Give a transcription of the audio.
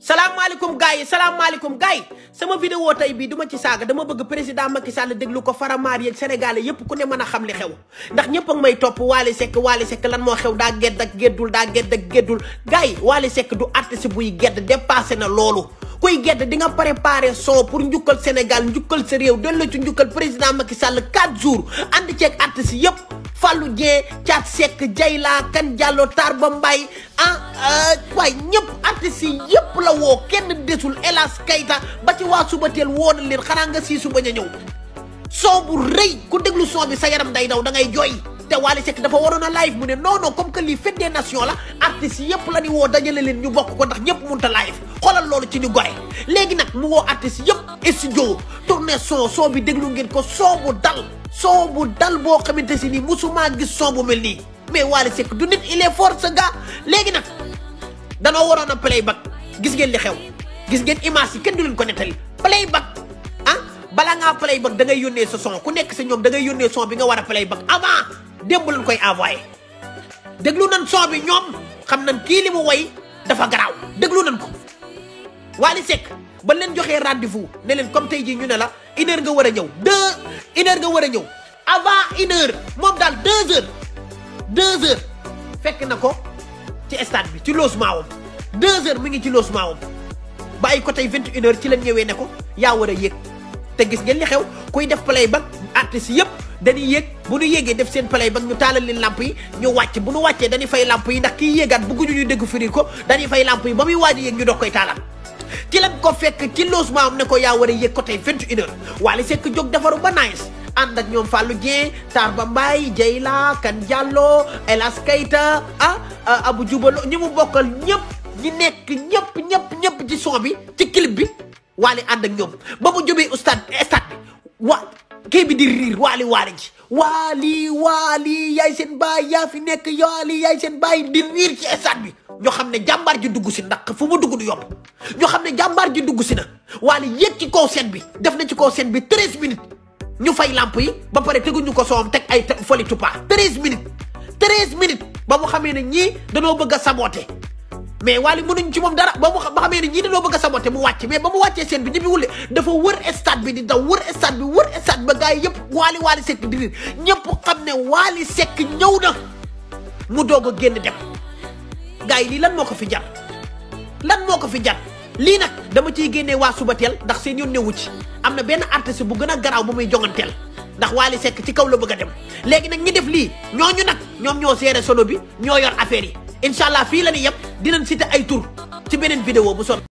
Assalamualaikum guys, Assalamualaikum guys. Semua video sama video tay bi duma ci saga dama bëgg président Macky Sall déglu ko mari ak sénégalais yépp ku ne mëna xam li xew ndax ñëpp ak may top walé sék walé sék lan mo xew da gedd ak geddul da gedd ak geddul gay walé sék du artiste buy gedd dépassé na lolu kuy gedd di nga préparer son pour ñukkal Sénégal njukkal sa réew la ci ñukkal président Macky Sall 4 jours ci ak artiste yépp Tarba mbay ah euh, waay ñëpp artiste la wo kenn desul elas kayta ba ci wa suba teel woo na len xana nga si suba bañ son bu rëy ku deglu son bi sa yaram day daw da ngay joy te wali sek dafa warona live mu ne non non comme que li fête des nations la artiste yep la ni wo dajale len ñu bokk ko ndax ñep munta live xolal lolu ci ñu gore léegi nak mu wo artiste yep studio tourner son son bi deglu ngeen ko son bu dal son bu dal bo xamante si musu musuma gis son bu melni mais wali sek du nit il est fort ce gars nak warona playback gis ngeen li xew gis ngeen image yi kenn du leen ko nettali playback ah balaa ngaa playback da ngay yónnee sa son ku nekk sa ñoom da ngay yónnee son bi nga war a playback avant démb lañ koy envoyé déglu nan son bi ñoom xam nan kii li mu woy dafa garaaw déglu nan ko Wally Seck ba leen joxee rendez-vous ne leen comme tey jii ñu ne la une nga war a ñëw deux une nga war a ñëw avant une heure moom daal deux heures deux heures fekk na ko ci stade bi ci logement wam deux heures mi ngi ci logement am bàyyi ko tey vingt une heures ci lañ ñëwee ne ko yaa war a yéeg te gis ngeen li xew kuy def playback artistes yëpp dañuy yéeg bu ñu yéegee def seen playback ñu taalal leen làmp yi ñu wàcc bu ñu wàccee dañuy fay lamp yi ndax kiy bu bëgguñu ñu dégg firi ko dañuy fay lamp yi ba muy waaj a yéeg ñu doog koy taalal ci lañ ko fekk ci logement am ne ko yaa war a yéeg ko tey vingt une heures Wally Seck jóg defaru ba nice ànd ak ñoom Fallou Dieng Tarba Mbaye Dieyla Kan Diallo Elas Keita ah, ah Abou Dioubalo ñi mu bokkal ñëpp ñi nekk ñëpp ñëpp ñëpp ci son bi ci clip bi waale ànd ak ñoom ba mu jógee stade stade bi waa kii bi di riir waali waali ci waali waali yaay seen baay yaa fi nekk waali yaay seen baay di riir ci stade bi ñoo xam ne jàmbaar ji dugg si ndax fu mu dugg du ñoo xam ne jàmbaar ji dugg si na waali yéeg ci kaw seen bi def na ci kaw seen bi treize minutes ñu fay lamp yi ba pare teguñu ko soom teg ay foli tuppa treize minutes treize minutes ba mu xamee ne ñii danoo bëgg a mais Wally mënuñ ci moom dara ba mu ba xamee ne ñii dañoo bëgg a te mu wàcc mais ba mu wàccee seen bi ñi bi dafa wër stade bi di daw wër stade bi wër stade ba gars yi yëpp Wally Wally Seck di riir ñëpp xam ne Wally Seck ñëw na mu doog a génn dem gars yi lii lan moo ko fi jar lan moo ko fi jar lii nag dama ciy génne waa Subateel ndax seen yoon newu ci am na benn artiste bu gën a garaaw bu muy jonganteel ndax Wally sekk ci kaw la bëgg a dem léegi nag ñi def lii ñooñu nag ñoom ñoo seere solo bi ñoo yor affaire yi incha allah fii la ñuy yem dinañ cité ay tur ci beneen vidéo bu son